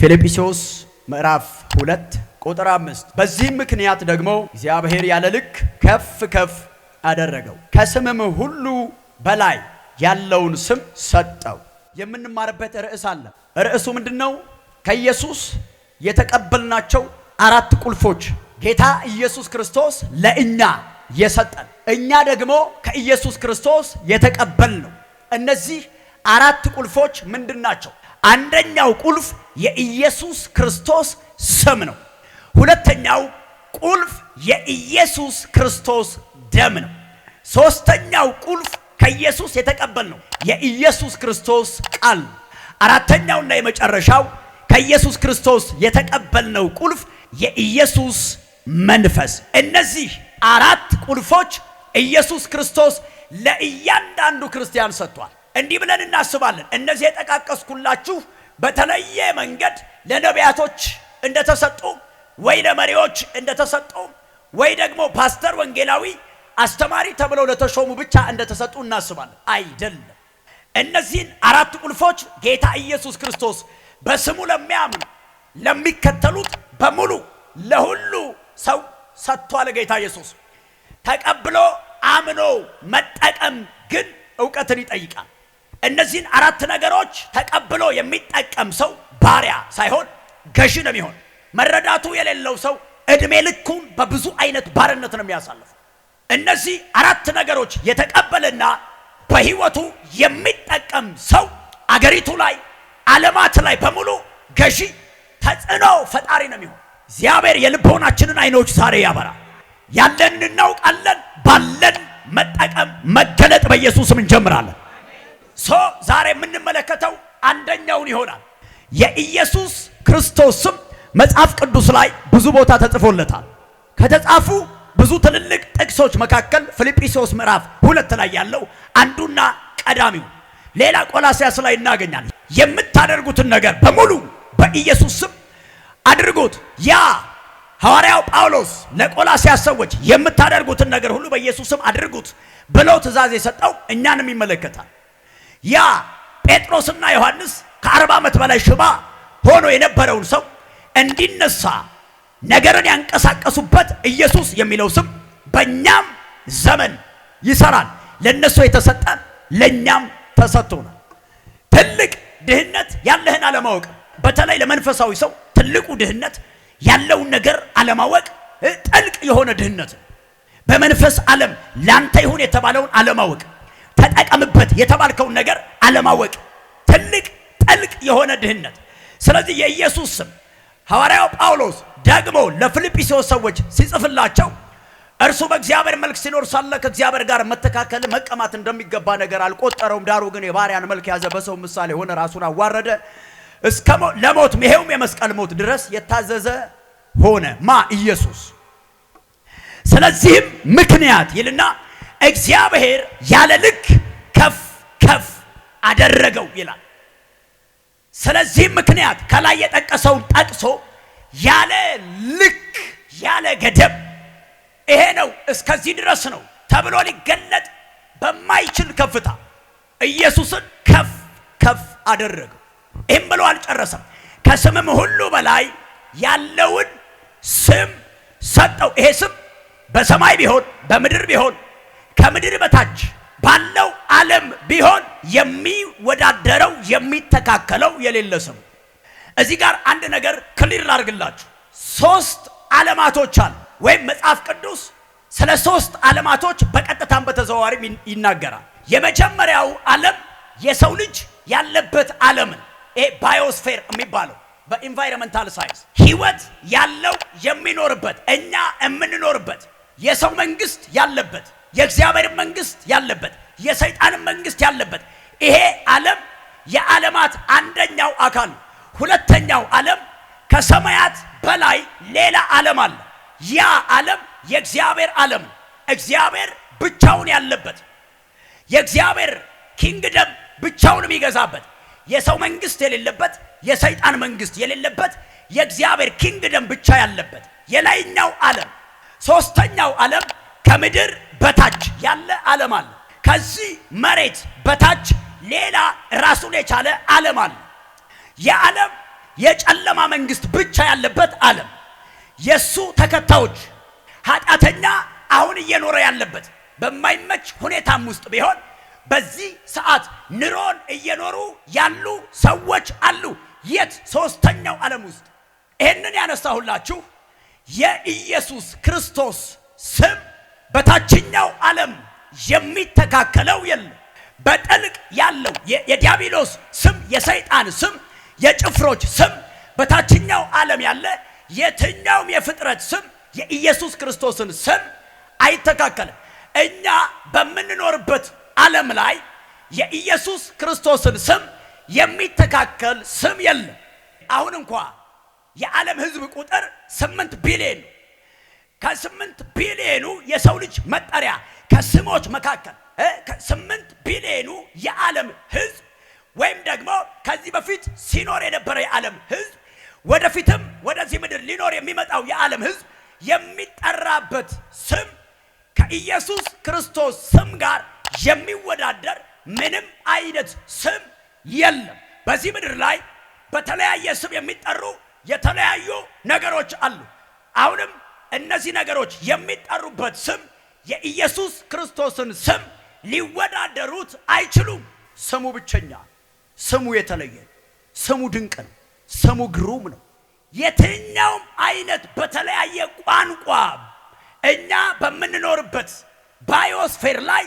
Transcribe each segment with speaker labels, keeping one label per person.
Speaker 1: ፊልጵስዩስ ምዕራፍ ሁለት ቁጥር አምስት በዚህም ምክንያት ደግሞ እግዚአብሔር ያለ ልክ ከፍ ከፍ አደረገው ከስምም ሁሉ በላይ ያለውን ስም ሰጠው። የምንማርበት ርዕስ አለ። ርዕሱ ምንድን ነው? ከኢየሱስ የተቀበልናቸው አራት ቁልፎች ጌታ ኢየሱስ ክርስቶስ ለእኛ የሰጠን፣ እኛ ደግሞ ከኢየሱስ ክርስቶስ የተቀበልነው። እነዚህ አራት ቁልፎች ምንድን ናቸው? አንደኛው ቁልፍ የኢየሱስ ክርስቶስ ስም ነው። ሁለተኛው ቁልፍ የኢየሱስ ክርስቶስ ደም ነው። ሶስተኛው ቁልፍ ከኢየሱስ የተቀበልነው የኢየሱስ ክርስቶስ ቃል። አራተኛውና የመጨረሻው ከኢየሱስ ክርስቶስ የተቀበልነው ቁልፍ የኢየሱስ መንፈስ። እነዚህ አራት ቁልፎች ኢየሱስ ክርስቶስ ለእያንዳንዱ ክርስቲያን ሰጥቷል። እንዲህ ብለን እናስባለን። እነዚህ የጠቃቀስኩላችሁ በተለየ መንገድ ለነቢያቶች እንደተሰጡ ወይ ለመሪዎች እንደተሰጡ ወይ ደግሞ ፓስተር፣ ወንጌላዊ፣ አስተማሪ ተብለው ለተሾሙ ብቻ እንደተሰጡ እናስባለን። አይደለም። እነዚህን አራት ቁልፎች ጌታ ኢየሱስ ክርስቶስ በስሙ ለሚያምኑ ለሚከተሉት በሙሉ ለሁሉ ሰው ሰጥቷል። ጌታ ኢየሱስ ተቀብሎ አምኖ መጠቀም ግን እውቀትን ይጠይቃል። እነዚህን አራት ነገሮች ተቀብሎ የሚጠቀም ሰው ባሪያ ሳይሆን ገዢ ነው የሚሆን። መረዳቱ የሌለው ሰው እድሜ ልኩን በብዙ አይነት ባርነት ነው የሚያሳልፍ። እነዚህ አራት ነገሮች የተቀበለና በህይወቱ የሚጠቀም ሰው አገሪቱ ላይ ዓለማት ላይ በሙሉ ገዢ ተጽዕኖ ፈጣሪ ነው የሚሆን። እግዚአብሔር የልቦናችንን አይኖች ዛሬ ያበራ። ያለን እናውቃለን። ባለን መጠቀም መገለጥ በኢየሱስም እንጀምራለን። ሶ ዛሬ የምንመለከተው አንደኛውን ይሆናል። የኢየሱስ ክርስቶስም መጽሐፍ ቅዱስ ላይ ብዙ ቦታ ተጽፎለታል። ከተጻፉ ብዙ ትልልቅ ጥቅሶች መካከል ፊልጵስዩስ ምዕራፍ ሁለት ላይ ያለው አንዱና ቀዳሚው፣ ሌላ ቆላስያስ ላይ እናገኛለን። የምታደርጉትን ነገር በሙሉ በኢየሱስ ስም አድርጉት። ያ ሐዋርያው ጳውሎስ ለቆላስያስ ሰዎች የምታደርጉትን ነገር ሁሉ በኢየሱስ ስም አድርጉት ብለው ትእዛዝ የሰጠው እኛንም ይመለከታል። ያ ጴጥሮስና ዮሐንስ ከአርባ ዓመት በላይ ሽባ ሆኖ የነበረውን ሰው እንዲነሳ ነገርን ያንቀሳቀሱበት ኢየሱስ የሚለው ስም በእኛም ዘመን ይሰራል። ለእነሱ የተሰጠ ለእኛም ተሰጥቶናል። ትልቅ ድህነት ያለህን አለማወቅ፣ በተለይ ለመንፈሳዊ ሰው ትልቁ ድህነት ያለውን ነገር አለማወቅ ጥልቅ የሆነ ድህነት በመንፈስ ዓለም ላንተ ይሁን የተባለውን አለማወቅ ተጠቀምበት የተባልከውን ነገር አለማወቅ ትልቅ ጥልቅ የሆነ ድህነት። ስለዚህ የኢየሱስ ስም ሐዋርያው ጳውሎስ ደግሞ ለፊልጵስዎስ ሰዎች ሲጽፍላቸው እርሱ በእግዚአብሔር መልክ ሲኖር ሳለ ከእግዚአብሔር ጋር መተካከል መቀማት እንደሚገባ ነገር አልቆጠረውም። ዳሩ ግን የባሪያን መልክ ያዘ፣ በሰው ምሳሌ ሆነ፣ ራሱን አዋረደ፣ እስከ ለሞት ይሄውም የመስቀል ሞት ድረስ የታዘዘ ሆነ ማ ኢየሱስ። ስለዚህም ምክንያት ይልና እግዚአብሔር ያለ ልክ ከፍ ከፍ አደረገው ይላል። ስለዚህም ምክንያት ከላይ የጠቀሰውን ጠቅሶ ያለ ልክ ያለ ገደብ ይሄ ነው እስከዚህ ድረስ ነው ተብሎ ሊገለጥ በማይችል ከፍታ ኢየሱስን ከፍ ከፍ አደረገው። ይህም ብሎ አልጨረሰም። ከስምም ሁሉ በላይ ያለውን ስም ሰጠው። ይሄ ስም በሰማይ ቢሆን በምድር ቢሆን ከምድር በታች ባለው ዓለም ቢሆን የሚወዳደረው የሚተካከለው የሌለ ስሙ። እዚህ ጋር አንድ ነገር ክሊር ላድርግላችሁ። ሶስት ዓለማቶች አሉ ወይም መጽሐፍ ቅዱስ ስለ ሶስት ዓለማቶች በቀጥታም በተዘዋዋሪም ይናገራል። የመጀመሪያው ዓለም የሰው ልጅ ያለበት ዓለምን ይሄ ባዮስፌር የሚባለው በኢንቫይሮንመንታል ሳይንስ ህይወት ያለው የሚኖርበት እኛ የምንኖርበት የሰው መንግስት ያለበት የእግዚአብሔር መንግስት ያለበት የሰይጣን መንግስት ያለበት ይሄ ዓለም የዓለማት አንደኛው አካል ሁለተኛው ዓለም ከሰማያት በላይ ሌላ ዓለም አለ። ያ ዓለም የእግዚአብሔር ዓለም እግዚአብሔር ብቻውን ያለበት የእግዚአብሔር ኪንግደም ብቻውን የሚገዛበት የሰው መንግስት የሌለበት የሰይጣን መንግስት የሌለበት የእግዚአብሔር ኪንግደም ብቻ ያለበት የላይኛው ዓለም ሶስተኛው ዓለም ከምድር በታች ያለ ዓለም አለ። ከዚህ መሬት በታች ሌላ ራሱን የቻለ ዓለም አለ። የዓለም የጨለማ መንግስት ብቻ ያለበት ዓለም የሱ ተከታዮች ኃጢአተኛ አሁን እየኖረ ያለበት በማይመች ሁኔታም ውስጥ ቢሆን በዚህ ሰዓት ኑሮን እየኖሩ ያሉ ሰዎች አሉ። የት? ሶስተኛው ዓለም ውስጥ። ይህንን ያነሳሁላችሁ የኢየሱስ ክርስቶስ ስም በታችኛው ዓለም የሚተካከለው የለም። በጠልቅ ያለው የዲያብሎስ ስም፣ የሰይጣን ስም፣ የጭፍሮች ስም፣ በታችኛው ዓለም ያለ የትኛውም የፍጥረት ስም የኢየሱስ ክርስቶስን ስም አይተካከልም። እኛ በምንኖርበት ዓለም ላይ የኢየሱስ ክርስቶስን ስም የሚተካከል ስም የለም። አሁን እንኳ የዓለም ሕዝብ ቁጥር ስምንት ቢሊዮን ነው። ከስምንት ቢሊዮኑ የሰው ልጅ መጠሪያ ከስሞች መካከል ስምንት ቢሊዮኑ የዓለም ህዝብ ወይም ደግሞ ከዚህ በፊት ሲኖር የነበረ የዓለም ህዝብ ወደፊትም ወደዚህ ምድር ሊኖር የሚመጣው የዓለም ህዝብ የሚጠራበት ስም ከኢየሱስ ክርስቶስ ስም ጋር የሚወዳደር ምንም አይነት ስም የለም። በዚህ ምድር ላይ በተለያየ ስም የሚጠሩ የተለያዩ ነገሮች አሉ። አሁንም እነዚህ ነገሮች የሚጠሩበት ስም የኢየሱስ ክርስቶስን ስም ሊወዳደሩት አይችሉም። ስሙ ብቸኛ፣ ስሙ የተለየ፣ ስሙ ድንቅ ነው። ስሙ ግሩም ነው። የትኛውም አይነት በተለያየ ቋንቋ እኛ በምንኖርበት ባዮስፌር ላይ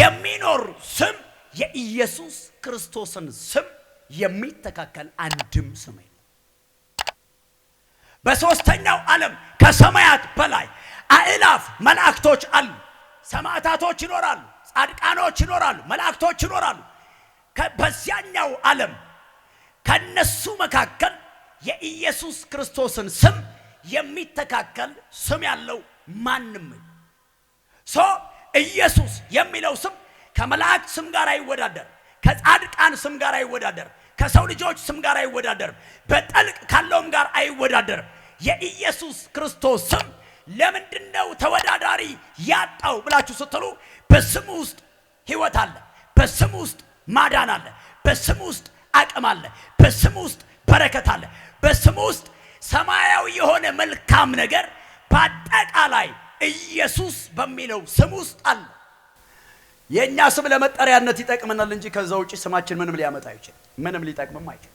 Speaker 1: የሚኖር ስም የኢየሱስ ክርስቶስን ስም የሚተካከል አንድም ስም በሦስተኛው ዓለም ከሰማያት በላይ አእላፍ መላእክቶች አሉ። ሰማዕታቶች ይኖራሉ፣ ጻድቃኖች ይኖራሉ፣ መላእክቶች ይኖራሉ። በዚያኛው ዓለም ከነሱ መካከል የኢየሱስ ክርስቶስን ስም የሚተካከል ስም ያለው ማንም ሶ ኢየሱስ የሚለው ስም ከመላእክት ስም ጋር አይወዳደር፣ ከጻድቃን ስም ጋር አይወዳደር። ከሰው ልጆች ስም ጋር አይወዳደርም፣ በጠልቅ ካለውም ጋር አይወዳደርም። የኢየሱስ ክርስቶስ ስም ለምንድን ነው ተወዳዳሪ ያጣው ብላችሁ ስትሉ በስም ውስጥ ህይወት አለ፣ በስም ውስጥ ማዳን አለ፣ በስም ውስጥ አቅም አለ፣ በስም ውስጥ በረከት አለ፣ በስም ውስጥ ሰማያዊ የሆነ መልካም ነገር በአጠቃላይ ኢየሱስ በሚለው ስም ውስጥ አለ። የእኛ ስም ለመጠሪያነት ይጠቅመናል እንጂ ከዛ ውጭ ስማችን ምንም ሊያመጣ አይችል፣ ምንም ሊጠቅምም አይችል።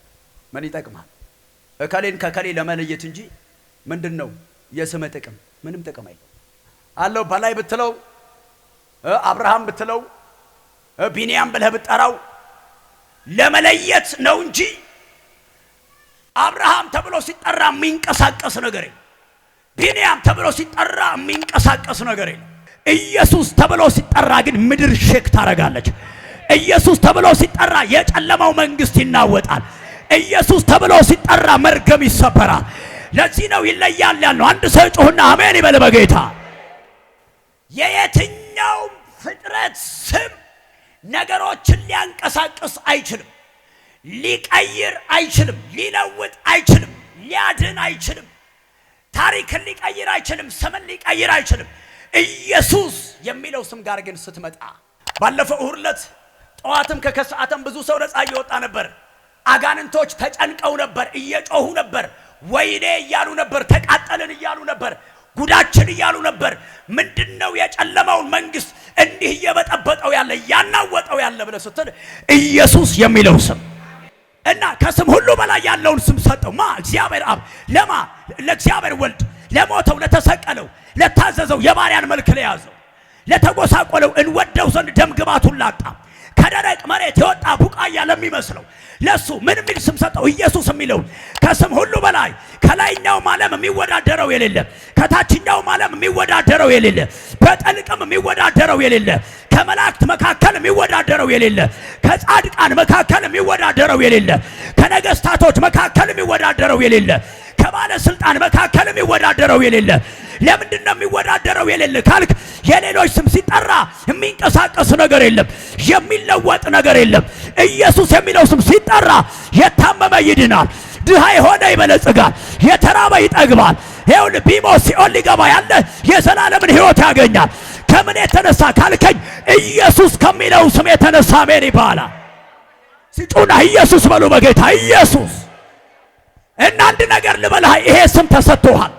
Speaker 1: ምን ይጠቅማል? እከሌን ከከሌ ለመለየት እንጂ ምንድን ነው የስም ጥቅም? ምንም ጥቅም አይለው አለው። በላይ ብትለው አብርሃም ብትለው ቢንያም ብለህ ብጠራው ለመለየት ነው እንጂ አብርሃም ተብሎ ሲጠራ የሚንቀሳቀስ ነገር የለም። ቢንያም ተብሎ ሲጠራ የሚንቀሳቀስ ነገር የለም። ኢየሱስ ተብሎ ሲጠራ ግን ምድር ሼክ ታረጋለች። ኢየሱስ ተብሎ ሲጠራ የጨለማው መንግስት ይናወጣል። ኢየሱስ ተብሎ ሲጠራ መርገም ይሰበራል። ለዚህ ነው ይለያል ያለው አንድ ሰው ጮህና አሜን ይበል። በጌታ የየትኛውም ፍጥረት ስም ነገሮችን ሊያንቀሳቅስ አይችልም፣ ሊቀይር አይችልም፣ ሊለውጥ አይችልም፣ ሊያድን አይችልም፣ ታሪክን ሊቀይር አይችልም፣ ስምን ሊቀይር አይችልም። ኢየሱስ የሚለው ስም ጋር ግን ስትመጣ ባለፈው እሁድ ዕለት ጠዋትም ከከሰዓተም ብዙ ሰው ነፃ እየወጣ ነበር። አጋንንቶች ተጨንቀው ነበር፣ እየጮሁ ነበር፣ ወይኔ እያሉ ነበር፣ ተቃጠልን እያሉ ነበር፣ ጉዳችን እያሉ ነበር። ምንድነው የጨለማውን መንግስት እንዲህ እየበጠበጠው ያለ እያናወጠው ያለ ብለህ ስትል ኢየሱስ የሚለው ስም እና ከስም ሁሉ በላይ ያለውን ስም ሰጠው ማ እግዚአብሔር አብ ለማ ለእግዚአብሔር ወልድ ለሞተው ለተሰቀለው ለታዘዘው የባሪያን መልክ ለያዘው ለተጎሳቆለው እንወደው ዘንድ ደም ግባቱን ላጣ ከደረቅ መሬት የወጣ ቡቃያ ለሚመስለው ለሱ ምን ሚል ስም ሰጠው? ኢየሱስ የሚለው ከስም ሁሉ በላይ ከላይኛውም ዓለም የሚወዳደረው የሌለ፣ ከታችኛውም ዓለም የሚወዳደረው የሌለ፣ በጠልቅም የሚወዳደረው የሌለ፣ ከመላእክት መካከል የሚወዳደረው የሌለ፣ ከጻድቃን መካከል የሚወዳደረው የሌለ፣ ከነገስታቶች መካከል የሚወዳደረው የሌለ ከባለስልጣን መካከል የሚወዳደረው የሌለ ለምንድን ነው የሚወዳደረው የሌለ ካልክ የሌሎች ስም ሲጠራ የሚንቀሳቀስ ነገር የለም፣ የሚለወጥ ነገር የለም። ኢየሱስ የሚለው ስም ሲጠራ የታመመ ይድናል፣ ድሃ የሆነ ይበለጽጋል፣ የተራበ ይጠግባል። ይኸውልህ ቢሞት ሲኦል ሊገባ ያለ የዘላለምን ሕይወት ያገኛል። ከምን የተነሳ ካልከኝ ኢየሱስ ከሚለው ስም የተነሳ ሜን ይባላል። ሲጮና ኢየሱስ በሉ በጌታ ኢየሱስ እና አንድ ነገር ልበልሃ፣ ይሄ ስም ተሰጥቶሃል።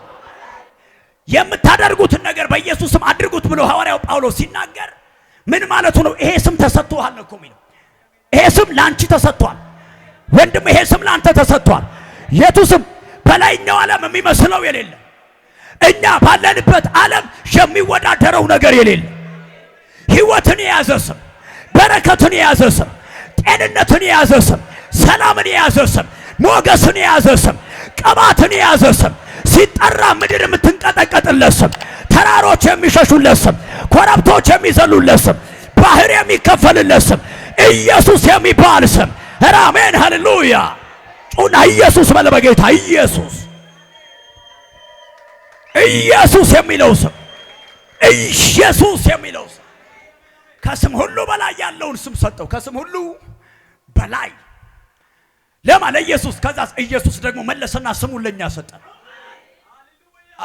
Speaker 1: የምታደርጉትን ነገር በኢየሱስም አድርጉት ብሎ ሐዋርያው ጳውሎስ ሲናገር ምን ማለቱ ነው? ይሄ ስም ተሰጥቶሃል እኮ የሚለው ይሄ ስም ለአንቺ ተሰጥቷል። ወንድም ይሄ ስም ለአንተ ተሰጥቷል። የቱ ስም? በላይኛው ዓለም የሚመስለው የሌለ እኛ ባለንበት ዓለም የሚወዳደረው ነገር የሌለ ሕይወትን የያዘ ስም፣ በረከትን የያዘ ስም፣ ጤንነትን የያዘ ስም፣ ሰላምን የያዘ ስም ሞገስን የያዘ ስም፣ ቅባትን የያዘ ስም፣ ሲጠራ ምድር የምትንቀጠቀጥለት ስም፣ ተራሮች የሚሸሹለት ስም፣ ኮረብቶች የሚዘሉለት ስም፣ ባህር የሚከፈልለት ስም፣ ኢየሱስ የሚባል ስም። አሜን ሃሌሉያ። ጩና ኢየሱስ በለ በጌታ ኢየሱስ ኢየሱስ የሚለው ስም ኢየሱስ የሚለው ስም ከስም ሁሉ በላይ ያለውን ስም ሰጠው። ከስም ሁሉ በላይ ለማ ለኢየሱስ። ከዛ ኢየሱስ ደግሞ መለሰና ስሙን ለኛ ሰጠ።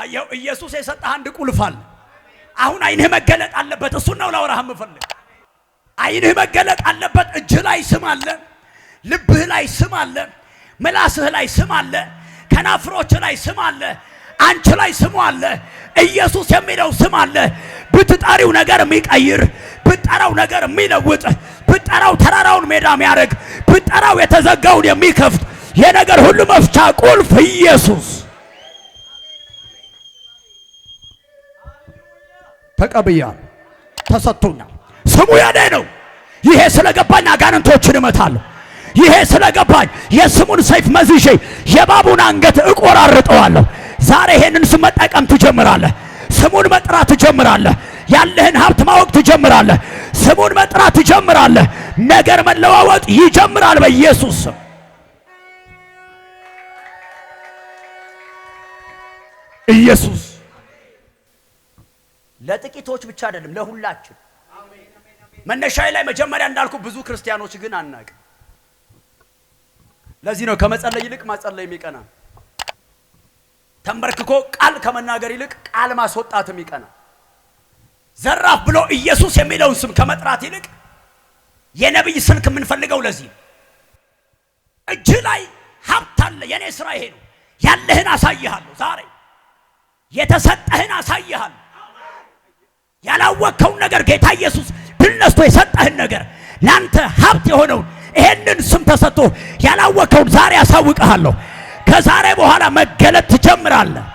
Speaker 1: አየው ኢየሱስ የሰጠህ አንድ ቁልፍ አለ። አሁን አይንህ መገለጥ አለበት። እሱን ነው ላወራህ የምፈልግ። አይንህ መገለጥ አለበት። እጅ ላይ ስም አለ፣ ልብህ ላይ ስም አለ፣ ምላስህ ላይ ስም አለ፣ ከናፍሮች ላይ ስም አለ፣ አንቺ ላይ ስሙ አለ። ኢየሱስ የሚለው ስም አለ። ብትጠሪው ነገር የሚቀይር ብትጠራው ነገር የሚለውጥ ብትጠራው ተራራውን ሜዳ የሚያደርግ ብጠራው የተዘጋውን የሚከፍት የነገር ሁሉ መፍቻ ቁልፍ ኢየሱስ። ተቀብያል፣ ተሰጥቶኛል። ስሙ የኔ ነው። ይሄ ስለገባኝ አጋንንቶችን እመታለሁ። ይሄ ስለገባኝ የስሙን ሰይፍ መዝዤ የባቡን አንገት እቆራርጠዋለሁ። ዛሬ ይሄንን ስም መጠቀም ትጀምራለህ። ስሙን መጥራት ትጀምራለህ። ያለህን ሀብት ማወቅ ትጀምራለህ። ስሙን መጥራት ትጀምራለህ። ነገር መለዋወጥ ይጀምራል በኢየሱስ ስም። ኢየሱስ ለጥቂቶች ብቻ አይደለም ለሁላችን። መነሻዬ ላይ መጀመሪያ እንዳልኩ ብዙ ክርስቲያኖች ግን አናውቅም። ለዚህ ነው ከመጸለይ ይልቅ ማጸለይ የሚቀና ተንበርክኮ ቃል ከመናገር ይልቅ ቃል ማስወጣትም ይቀናል። ዘራፍ ብሎ ኢየሱስ የሚለውን ስም ከመጥራት ይልቅ የነቢይ ስልክ የምንፈልገው ለዚህ እጅ ላይ ሀብት አለ። የኔ ስራ ይሄ ነው። ያለህን አሳይሃለሁ። ዛሬ የተሰጠህን አሳይሃለሁ። ያላወቅከውን ነገር ጌታ ኢየሱስ ድል ነስቶ የሰጠህን ነገር ለአንተ ሀብት የሆነውን ይሄንን ስም ተሰጥቶ ያላወቅከውን ዛሬ አሳውቅሃለሁ። ከዛሬ በኋላ መገለጥ ትጀምራለህ።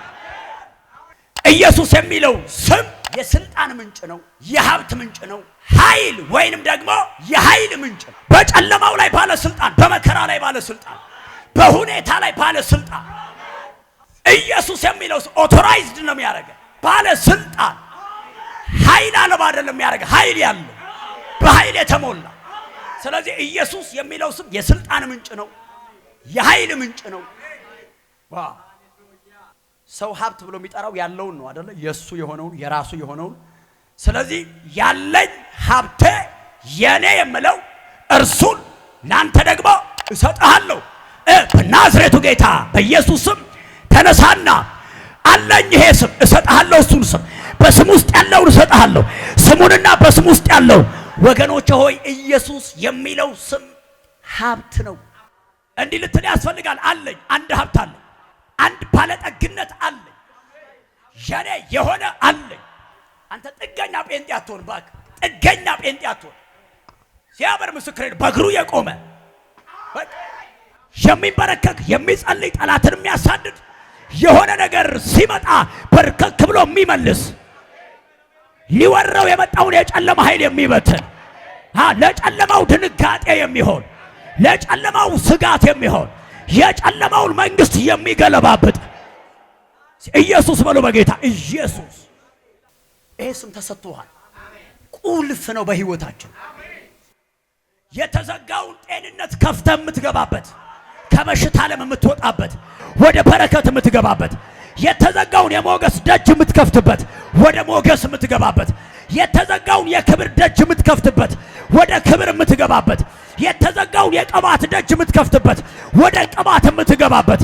Speaker 1: ኢየሱስ የሚለው ስም የስልጣን ምንጭ ነው፣ የሀብት ምንጭ ነው፣ ኃይል ወይንም ደግሞ የኃይል ምንጭ ነው። በጨለማው ላይ ባለስልጣን፣ በመከራ ላይ ባለስልጣን፣ በሁኔታ ላይ ባለስልጣን። ኢየሱስ የሚለው ኦቶራይዝድ ነው የሚያደርገ ባለስልጣን። ኃይል አለባ አይደለም የሚያደርገ ኃይል ያለው በኃይል የተሞላ ስለዚህ ኢየሱስ የሚለው ስም የስልጣን ምንጭ ነው፣ የኃይል ምንጭ ነው። ሰው ሀብት ብሎ የሚጠራው ያለውን ነው አደለ? የእሱ የሆነውን የራሱ የሆነውን። ስለዚህ ያለኝ ሀብቴ የእኔ የምለው እርሱን ለአንተ ደግሞ እሰጥሃለሁ በናዝሬቱ ጌታ በኢየሱስ ስም ተነሳና አለኝ ይሄ ስም እሰጥሃለሁ። እሱን ስም በስም ውስጥ ያለውን እሰጥሃለሁ። ስሙንና በስም ውስጥ ያለው ወገኖች ሆይ ኢየሱስ የሚለው ስም ሀብት ነው። እንዲህ ልትል ያስፈልጋል። አለኝ አንድ ሀብት አለ አንድ ባለጠ የኔ የሆነ አለኝ። አንተ ጥገኛ ጴንጤ አትሆን እባክህ፣ ጥገኛ ጴንጤ አትሆን። ሲያበር ምስክሬን በእግሩ የቆመ የሚንበረከክ የሚጸልይ ጠላትን የሚያሳድድ የሆነ ነገር ሲመጣ በርከክ ብሎ የሚመልስ ሊወረው የመጣውን የጨለማ ኃይል የሚበትን ለጨለማው ድንጋጤ የሚሆን ለጨለማው ስጋት የሚሆን የጨለማውን መንግስት የሚገለባብጥ ኢየሱስ በሉ በጌታ ኢየሱስ። ይሄ ስም ተሰጥቶሃል። ቁልፍ ነው በህይወታችን የተዘጋውን ጤንነት ከፍተ የምትገባበት ከበሽታ ዓለም የምትወጣበት ወደ በረከት የምትገባበት የተዘጋውን የሞገስ ደጅ የምትከፍትበት ወደ ሞገስ የምትገባበት የተዘጋውን የክብር ደጅ የምትከፍትበት ወደ ክብር የምትገባበት የተዘጋውን የቅባት ደጅ የምትከፍትበት ወደ ቅባት የምትገባበት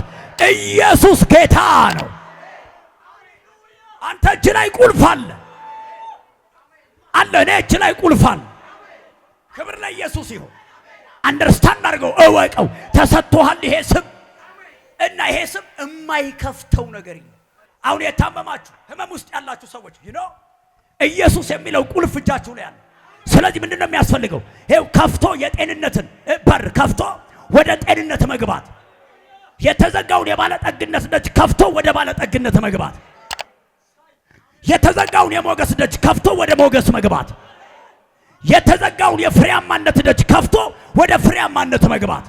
Speaker 1: ኢየሱስ ጌታ ነው። አንተ እጅ ላይ ቁልፍ አለ አለ እኔ እጅ ላይ ቁልፍ አለ። ክብር ለኢየሱስ ይሁን። አንደርስታንድ አድርገው እወቀው። ተሰጥቶሃል ይሄ ስም እና ይሄ ስም የማይከፍተው ነገር የለም። አሁን የታመማችሁ ህመም ውስጥ ያላችሁ ሰዎች ይኖ ኢየሱስ የሚለው ቁልፍ እጃችሁ ላይ አለ። ስለዚህ ምንድነው የሚያስፈልገው? ይኸው ከፍቶ የጤንነትን በር ከፍቶ ወደ ጤንነት መግባት የተዘጋውን የባለጠግነት ደጅ ከፍቶ ወደ ባለጠግነት መግባት የተዘጋውን የሞገስ ደጅ ከፍቶ ወደ ሞገስ መግባት፣ የተዘጋውን የፍሬያማነት ደጅ ከፍቶ ወደ ፍሬያማነት መግባት።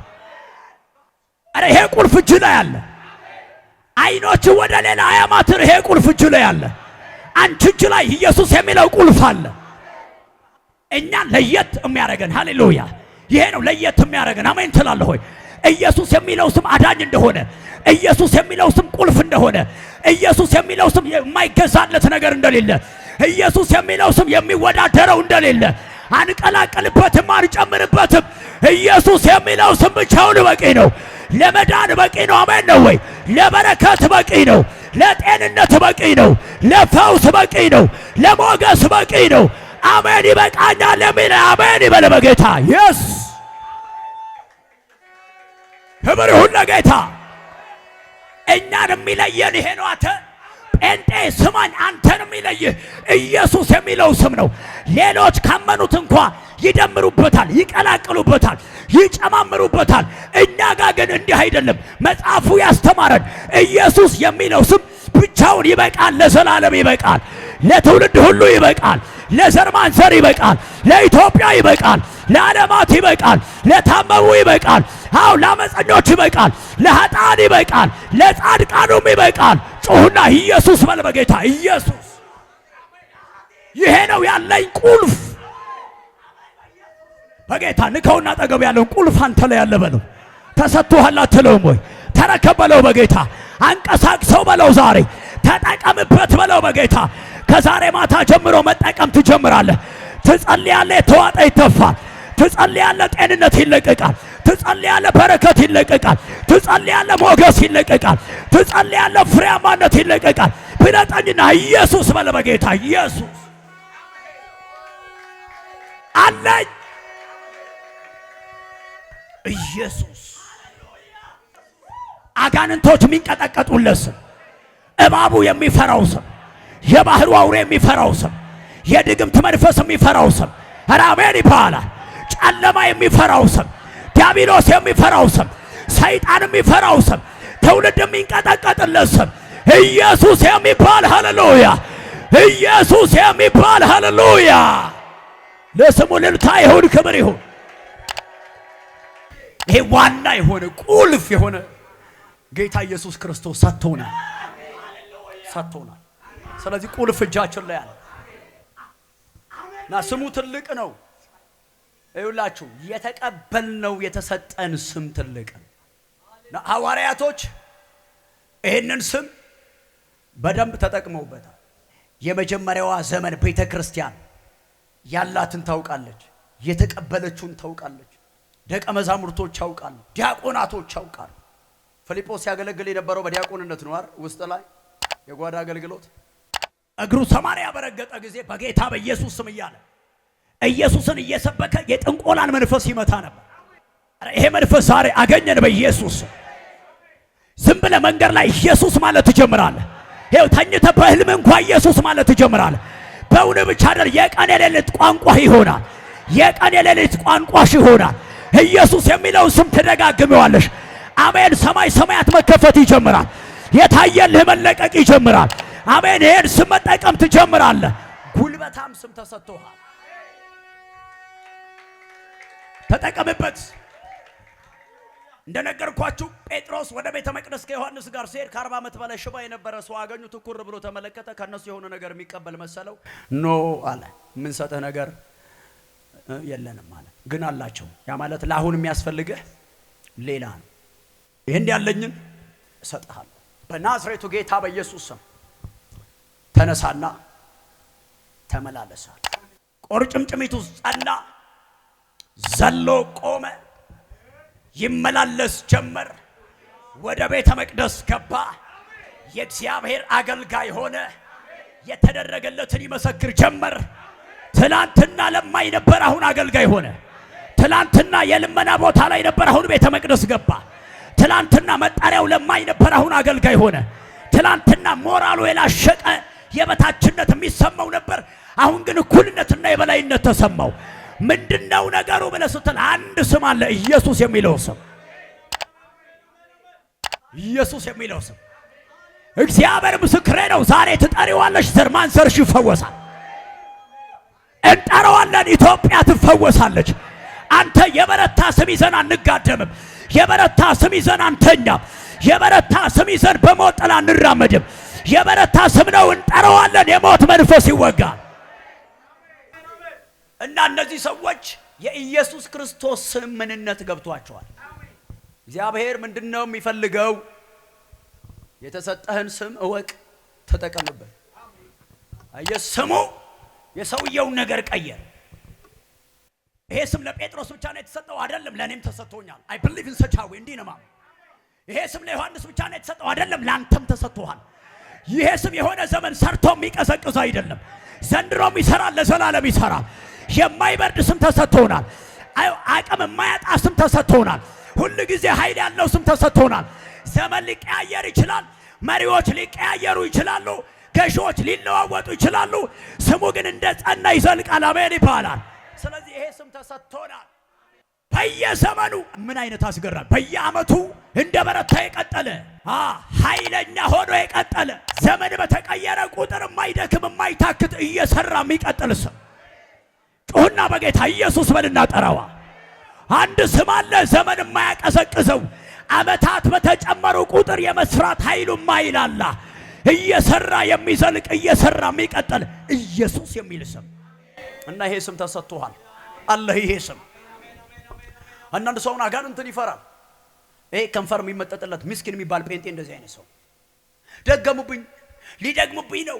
Speaker 1: አረ ይሄ ቁልፍ እጅ ላይ አለ። አይኖች ወደ ሌላ አያማትር። ይሄ ቁልፍ እጅ ላይ አለ። አንቺ እጅ ላይ ኢየሱስ የሚለው ቁልፍ አለ። እኛን ለየት የሚያደርገን ሃሌሉያ፣ ይሄ ነው ለየት የሚያደርገን። አሜን ትላለህ ሆይ ኢየሱስ የሚለው ስም አዳኝ እንደሆነ ኢየሱስ የሚለው ስም ቁልፍ እንደሆነ፣ ኢየሱስ የሚለው ስም የማይገዛለት ነገር እንደሌለ፣ ኢየሱስ የሚለው ስም የሚወዳደረው እንደሌለ፣ አንቀላቀልበትም፣ አንጨምርበትም። ኢየሱስ የሚለው ስም ብቻውን በቂ ነው። ለመዳን በቂ ነው። አሜን ነው ወይ? ለበረከት በቂ ነው። ለጤንነት በቂ ነው። ለፈውስ በቂ ነው። ለሞገስ በቂ ነው። አሜን ይበቃኛል የሚል አሜን ይበል በጌታ ኢየሱስ። ክብር ይሁን ለጌታ። እኛን የሚለየን ይሄ ነው። አተ ጴንጤ ስማኝ፣ አንተን የሚለይህ ኢየሱስ የሚለው ስም ነው። ሌሎች ካመኑት እንኳ ይደምሩበታል፣ ይቀላቅሉበታል፣ ይጨማምሩበታል። እኛ ጋር ግን እንዲህ አይደለም። መጽሐፉ ያስተማረን ኢየሱስ የሚለው ስም ብቻውን ይበቃል፣ ለዘላለም ይበቃል፣ ለትውልድ ሁሉ ይበቃል፣ ለዘር ማንዘር ይበቃል፣ ለኢትዮጵያ ይበቃል፣ ለዓለማት ይበቃል፣ ለታመሙ ይበቃል። አው ለአመፀኞች ይበቃል፣ ለኃጣን ይበቃል፣ ለጻድቃኑም ይበቃል። ጮሁና ኢየሱስ በል በጌታ ኢየሱስ። ይሄ ነው ያለኝ ቁልፍ በጌታ ንከውና ጠገብ ያለውን ቁልፍ አንተ ላይ ያለ በለው። ተሰጥቶሃል አትለውም ወይ? ተረከብ በለው በጌታ አንቀሳቅሰው በለው ዛሬ ተጠቀምበት በለው በጌታ ከዛሬ ማታ ጀምሮ መጠቀም ትጀምራለህ። ትጸልያለህ፣ የተዋጠ ይተፋል። ትጸልያለ፣ ጤንነት ይለቀቃል። ትጸልያለ፣ በረከት ይለቀቃል። ትጸልያለ፣ ሞገስ ይለቀቃል። ትጸልያለ፣ ፍሬያማነት ይለቀቃል። ብለጠኝና ኢየሱስ በለ። በጌታ ኢየሱስ አለኝ። ኢየሱስ አጋንንቶች የሚንቀጠቀጡለት ስም፣ እባቡ የሚፈራው ስም፣ የባህሩ አውሬ የሚፈራው ስም፣ የድግምት መንፈስ የሚፈራው ስም ራሜን ይባላል። ጨለማ የሚፈራው ስም፣ ዲያብሎስ የሚፈራው ስም፣ ሰይጣን የሚፈራው ስም፣ ትውልድ የሚንቀጠቀጥለት ስም ኢየሱስ የሚባል ሃሌሉያ! ኢየሱስ የሚባል ሃሌሉያ! ለስሙ ልልታ ይሁን፣ ክብር ይሁን። ይሄ ዋና የሆነ ቁልፍ የሆነ ጌታ ኢየሱስ ክርስቶስ ሰጥቶናል ሰጥቶናል። ስለዚህ ቁልፍ እጃችን ላይ አለ እና ስሙ ትልቅ ነው። ይውላችሁ የተቀበልነው የተሰጠን ስም ትልቅ ሐዋርያቶች ይህንን ስም በደንብ ተጠቅመውበታል። የመጀመሪያዋ ዘመን ቤተ ክርስቲያን ያላትን ታውቃለች፣ የተቀበለችውን ታውቃለች፣ ደቀ መዛሙርቶች ያውቃሉ፣ ዲያቆናቶች ያውቃሉ። ፊልጶስ ሲያገለግል የነበረው በዲያቆንነት ነው ውስጥ ላይ የጓዳ አገልግሎት እግሩ ሰማንያ በረገጠ ጊዜ በጌታ በኢየሱስ ስም እያለ ኢየሱስን እየሰበከ የጥንቆላን መንፈስ ይመታ ነበር። ይሄ መንፈስ ዛሬ አገኘን በኢየሱስ ዝም ብለ መንገድ ላይ ኢየሱስ ማለት ትጀምራለህ። ይኸው ተኝተህ በህልም እንኳ ኢየሱስ ማለት ትጀምራለህ። በእውን ብቻ አይደል የቀን የሌሊት ቋንቋ ይሆናል። የቀን የሌሊት ቋንቋሽ ይሆናል። ኢየሱስ የሚለውን ስም ትደጋግመዋለሽ። አሜን። ሰማይ ሰማያት መከፈት ይጀምራል። የታየልህ መለቀቅ ይጀምራል። አሜን። ይሄን ስም መጠቀም ትጀምራለህ። ጉልበታም ስም ተሰጥቶሃል። ተጠቀምበት። እንደነገርኳችሁ ጴጥሮስ ወደ ቤተ መቅደስ ከዮሐንስ ጋር ሲሄድ ከአርባ ዓመት በላይ ሽባ የነበረ ሰው አገኙ። ትኩር ብሎ ተመለከተ። ከእነሱ የሆነ ነገር የሚቀበል መሰለው። ኖ አለ፣ የምንሰጥህ ነገር የለንም አለ። ግን አላቸው። ያ ማለት ለአሁን የሚያስፈልግህ ሌላ ነው። ይህን ያለኝን እሰጥሃለሁ በናዝሬቱ ጌታ በኢየሱስ ስም ተነሳና ተመላለሳል። ቆርጭምጭሚቱ ጸና። ዘሎ ቆመ። ይመላለስ ጀመር። ወደ ቤተ መቅደስ ገባ። የእግዚአብሔር አገልጋይ ሆነ። የተደረገለትን ይመሰክር ጀመር። ትላንትና ለማኝ ነበር፣ አሁን አገልጋይ ሆነ። ትላንትና የልመና ቦታ ላይ ነበር፣ አሁን ቤተ መቅደስ ገባ። ትላንትና መጣሪያው ለማኝ ነበር፣ አሁን አገልጋይ ሆነ። ትላንትና ሞራሉ የላሸቀ የበታችነት የሚሰማው ነበር፣ አሁን ግን እኩልነትና የበላይነት ተሰማው። ምንድነው ነገሩ ብለህ ስትል አንድ ስም አለ። ኢየሱስ የሚለው ስም ኢየሱስ የሚለው ስም እግዚአብሔር ምስክሬ ነው። ዛሬ ትጠሪዋለሽ፣ ዘርማን ዘርሽ ይፈወሳል። እንጠራዋለን፣ ኢትዮጵያ ትፈወሳለች። አንተ የበረታ ስም ይዘን አንጋደምም። የበረታ ስም ይዘን አንተኛም። የበረታ ስም ይዘን በሞት ጥላ አንራመድም። የበረታ ስም ነው፣ እንጠራዋለን። የሞት መንፈስ ይወጋል። እና እነዚህ ሰዎች የኢየሱስ ክርስቶስ ስም ምንነት ገብቷቸዋል። እግዚአብሔር ምንድን ነው የሚፈልገው? የተሰጠህን ስም እወቅ፣ ተጠቀምበት። ስሙ የሰውየውን ነገር ቀየር። ይሄ ስም ለጴጥሮስ ብቻ ነው የተሰጠው አይደለም፣ ለእኔም ተሰጥቶኛል። አይ ብሊቭ ኢን ሰቻዊ እንዲህ ነማ። ይሄ ስም ለዮሐንስ ብቻ ነው የተሰጠው አይደለም፣ ለአንተም ተሰጥቶሃል። ይሄ ስም የሆነ ዘመን ሰርቶ የሚቀዘቅዝ አይደለም፣ ዘንድሮም ይሰራል፣ ለዘላለም ይሰራል። የማይበርድ ስም ተሰጥቶናል። አቅም የማያጣ ስም ተሰጥቶናል። ሁል ጊዜ ኃይል ያለው ስም ተሰጥቶናል። ዘመን ሊቀያየር ይችላል። መሪዎች ሊቀያየሩ ይችላሉ። ገዢዎች ሊለዋወጡ ይችላሉ። ስሙ ግን እንደ ጸና ይዘልቃል። አሜን ይባላል። ስለዚህ ይሄ ስም ተሰጥቶናል። በየዘመኑ ምን አይነት አስገራም! በየአመቱ እንደ በረታ የቀጠለ ኃይለኛ ሆኖ የቀጠለ ዘመን በተቀየረ ቁጥር የማይደክም የማይታክት እየሰራ የሚቀጥል ጮህና በጌታ ኢየሱስ በልና ጠራዋ። አንድ ስም አለ፣ ዘመን የማያቀዘቅዘው ዓመታት በተጨመሩ ቁጥር የመስራት ኃይሉ ማይላላ እየሰራ የሚዘልቅ እየሰራ የሚቀጥል ኢየሱስ የሚል ስም እና ይሄ ስም ተሰጥቶሃል አለ። ይሄ ስም አንዳንድ ሰውን አጋንንትን ይፈራል። ይሄ ከንፈር የሚመጠጥለት ምስኪን የሚባል ጴንጤ እንደዚህ አይነት ሰው ደገሙብኝ፣ ሊደግሙብኝ ነው፣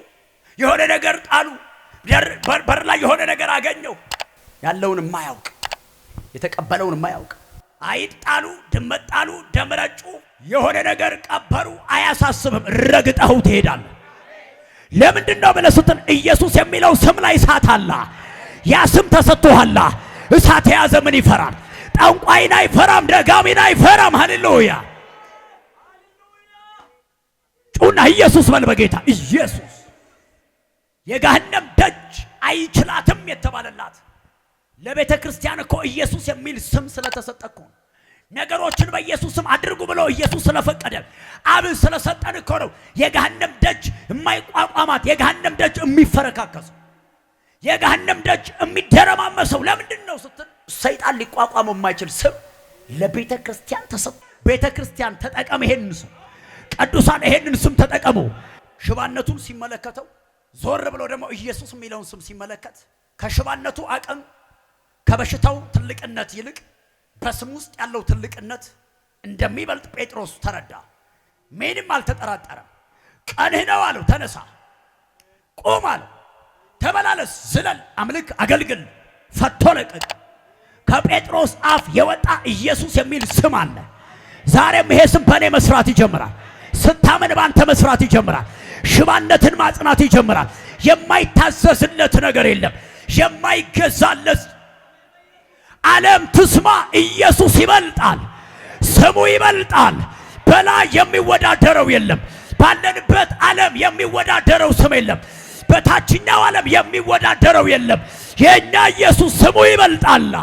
Speaker 1: የሆነ ነገር ጣሉ በር ላይ የሆነ ነገር አገኘው። ያለውን የማያውቅ የተቀበለውን የማያውቅ አይጥ ጣሉ፣ ድመት ጣሉ፣ ደም የሆነ ነገር ቀበሩ፣ አያሳስብም። ረግጠው ትሄዳለህ። ለምንድን ነው ብለህ ስትል ኢየሱስ የሚለው ስም ላይ እሳት አለ። ያ ስም ተሰጥቶሃል። እሳት የያዘ ምን ይፈራል? ጠንቋይን አይፈራም፣ ደጋሚን አይፈራም። ሃሌሉያ ጩና ኢየሱስ በል በጌታ ኢየሱስ የገሃነም አይችላትም የተባለላት ለቤተ ክርስቲያን እኮ ኢየሱስ የሚል ስም ስለተሰጠ እኮ ነገሮችን በኢየሱስ ስም አድርጉ ብሎ ኢየሱስ ስለፈቀደ አብ ስለሰጠን እኮ ነው። የገሃነም ደጅ የማይቋቋማት የገሃነም ደጅ የሚፈረካከሱ የገሃነም ደጅ የሚደረማመሰው ለምንድን ነው ስትል ሰይጣን ሊቋቋም የማይችል ስም ለቤተ ክርስቲያን ተሰጠ። ቤተ ክርስቲያን ተጠቀም ይሄንን ስም፣ ቅዱሳን ይሄንን ስም ተጠቀሙ። ሽባነቱን ሲመለከተው ዞር ብሎ ደግሞ ኢየሱስ የሚለውን ስም ሲመለከት ከሽባነቱ አቅም ከበሽታው ትልቅነት ይልቅ በስም ውስጥ ያለው ትልቅነት እንደሚበልጥ ጴጥሮስ ተረዳ። ምንም አልተጠራጠረም። ቀንህ ነው አለው። ተነሳ፣ ቁም አለው። ተመላለስ፣ ዝለል፣ አምልክ፣ አገልግል። ፈቶ ለቀቅ። ከጴጥሮስ አፍ የወጣ ኢየሱስ የሚል ስም አለ። ዛሬም ይሄ ስም በእኔ መስራት ይጀምራል። ስታምን ባንተ መስራት ይጀምራል። ሽባነትን ማጽናት ይጀምራል። የማይታዘዝለት ነገር የለም። የማይገዛለት ዓለም ትስማ፣ ኢየሱስ ይበልጣል፣ ስሙ ይበልጣል። በላይ የሚወዳደረው የለም። ባለንበት ዓለም የሚወዳደረው ስም የለም። በታችኛው ዓለም የሚወዳደረው የለም። የእኛ ኢየሱስ ስሙ ይበልጣላ፣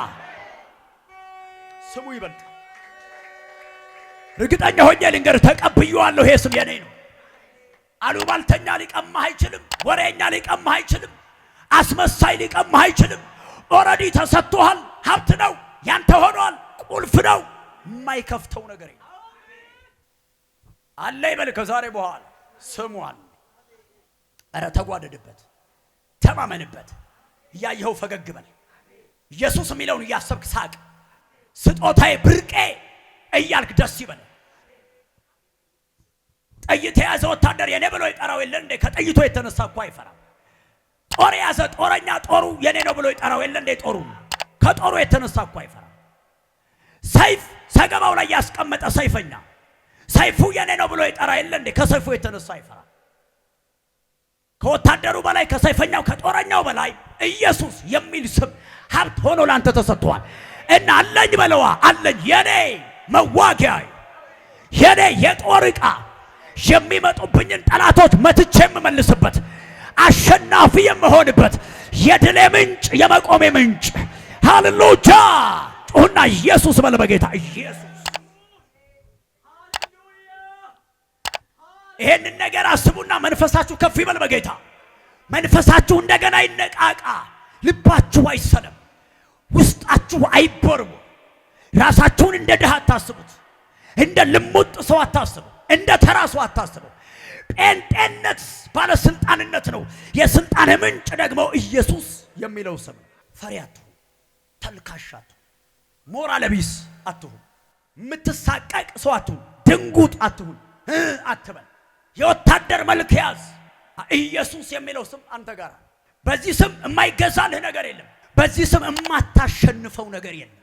Speaker 1: ስሙ ይበልጣል። እርግጠኛ ሆኜ ልንገር፣ ተቀብየዋለሁ። ይሄ ስም የኔ ነው። አሉባልተኛ ሊቀማህ አይችልም። ወሬኛ ሊቀማህ አይችልም። አስመሳይ ሊቀማህ አይችልም። ኦረዲ ተሰጥቶሃል። ሀብት ነው ያንተ ሆኗል። ቁልፍ ነው የማይከፍተው ነገር አለ ይበል። ከዛሬ በኋላ ስሟል። እረ ተጓደድበት፣ ተማመንበት፣ እያየኸው ፈገግ በል። ኢየሱስ የሚለውን እያሰብክ ሳቅ። ስጦታዬ ብርቄ እያልክ ደስ ይበል። ጥይት የያዘ ወታደር የኔ ብሎ ይጠራው የለ እንዴ? ከጠይቶ የተነሳ እኮ አይፈራም። ጦር የያዘ ጦረኛ ጦሩ የኔ ነው ብሎ ይጠራው የለ እንዴ? ጦሩ ከጦሩ የተነሳ እኮ አይፈራም። ሰይፍ ሰገባው ላይ ያስቀመጠ ሰይፈኛ ሰይፉ የኔ ነው ብሎ ይጠራ የለ እንዴ? ከሰይፉ የተነሳ አይፈራም። ከወታደሩ በላይ ከሰይፈኛው ከጦረኛው በላይ ኢየሱስ የሚል ስም ሀብት ሆኖ ላንተ ተሰጥቷል። እና አለኝ በለዋ አለኝ የኔ መዋጊያ የኔ የጦር ዕቃ የሚመጡብኝን ጠላቶች መትቼ የምመልስበት አሸናፊ የምሆንበት የድሌ ምንጭ የመቆሜ ምንጭ ሃሌሉያ ጩሁና ኢየሱስ በል በጌታ ኢየሱስ ይሄንን ነገር አስቡና መንፈሳችሁ ከፍ ይበል በጌታ መንፈሳችሁ እንደገና ይነቃቃ ልባችሁ አይሰለም ውስጣችሁ አይቦርቡ ራሳችሁን እንደ ድሃ አታስቡት እንደ ልሙጥ ሰው አታስቡ እንደ ተራሱ አታስበው። ጴንጤነት ባለስልጣንነት ነው። የስልጣን ምንጭ ደግሞ ኢየሱስ የሚለው ስም። ፈሪ አትሁን፣ ተልካሽ አትሁን፣ ሞራል ቢስ አትሁን፣ የምትሳቀቅ ሰው አትሁን፣ ድንጉጥ አትሁን አትበል። የወታደር መልክ ያዝ። ኢየሱስ የሚለው ስም አንተ ጋር። በዚህ ስም የማይገዛልህ ነገር የለም። በዚህ ስም የማታሸንፈው ነገር የለም።